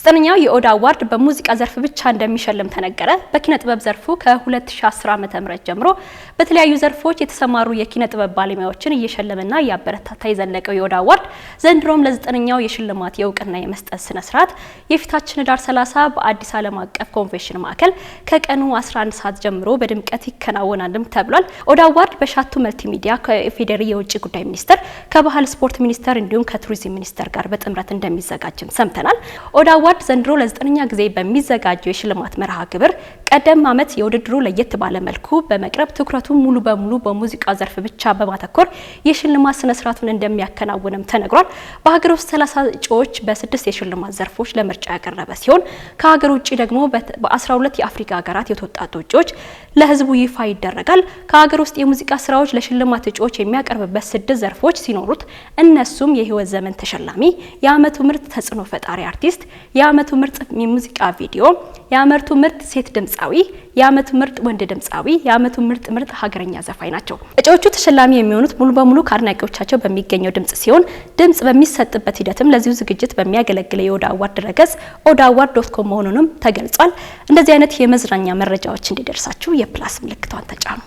ዘጠነኛው የኦዳ አዋርድ በሙዚቃ ዘርፍ ብቻ እንደሚሸልም ተነገረ። በኪነ ጥበብ ዘርፉ ከ2010 ዓ.ም ጀምሮ በተለያዩ ዘርፎች የተሰማሩ የኪነ ጥበብ ባለሙያዎችን እየሸለመና እያበረታታ የዘለቀው የኦዳ አዋርድ ዘንድሮም ለዘጠነኛው የሽልማት የእውቅና የመስጠት ስነ ስርዓት የፊታችን ዳር 30 በአዲስ ዓለም አቀፍ ኮንቬንሽን ማዕከል ከቀኑ 11 ሰዓት ጀምሮ በድምቀት ይከናወናልም ተብሏል። ኦዳ አዋርድ በሻቱ መልቲሚዲያ ከኢፌዴሪ የውጭ ጉዳይ ሚኒስቴር፣ ከባህል ስፖርት ሚኒስቴር እንዲሁም ከቱሪዝም ሚኒስቴር ጋር በጥምረት እንደሚዘጋጅም ሰምተናል። አዋርድ ዘንድሮ ለዘጠነኛ ጊዜ በሚዘጋጀው የሽልማት መርሃ ግብር ቀደም ዓመት የውድድሩ ለየት ባለ መልኩ በመቅረብ ትኩረቱን ሙሉ በሙሉ በሙዚቃ ዘርፍ ብቻ በማተኮር የሽልማት ስነ ስርዓቱን እንደሚያከናውንም ተነግሯል። በሀገር ውስጥ 30 እጩዎች በስድስት የሽልማት ዘርፎች ለምርጫ ያቀረበ ሲሆን ከሀገር ውጭ ደግሞ በ12 የአፍሪካ ሀገራት የተወጣጡ እጩዎች ለህዝቡ ይፋ ይደረጋል። ከሀገር ውስጥ የሙዚቃ ስራዎች ለሽልማት እጩዎች የሚያቀርብበት ስድስት ዘርፎች ሲኖሩት እነሱም የህይወት ዘመን ተሸላሚ፣ የአመቱ ምርጥ ተጽዕኖ ፈጣሪ አርቲስት የአመቱ ምርጥ የሙዚቃ ቪዲዮ፣ የአመቱ ምርጥ ሴት ድምፃዊ፣ የአመቱ ምርጥ ወንድ ድምፃዊ፣ የአመቱ ምርጥ ምርጥ ሀገረኛ ዘፋኝ ናቸው። እጩዎቹ ተሸላሚ የሚሆኑት ሙሉ በሙሉ ከአድናቂዎቻቸው በሚገኘው ድምጽ ሲሆን ድምጽ በሚሰጥበት ሂደትም ለዚሁ ዝግጅት በሚያገለግለው የኦዳ አዋርድ ድረገጽ ኦዳ አዋርድ ዶት ኮም መሆኑንም ተገልጿል። እንደዚህ አይነት የመዝናኛ መረጃዎች እንዲደርሳችሁ የፕላስ ምልክቷን ተጫኑ።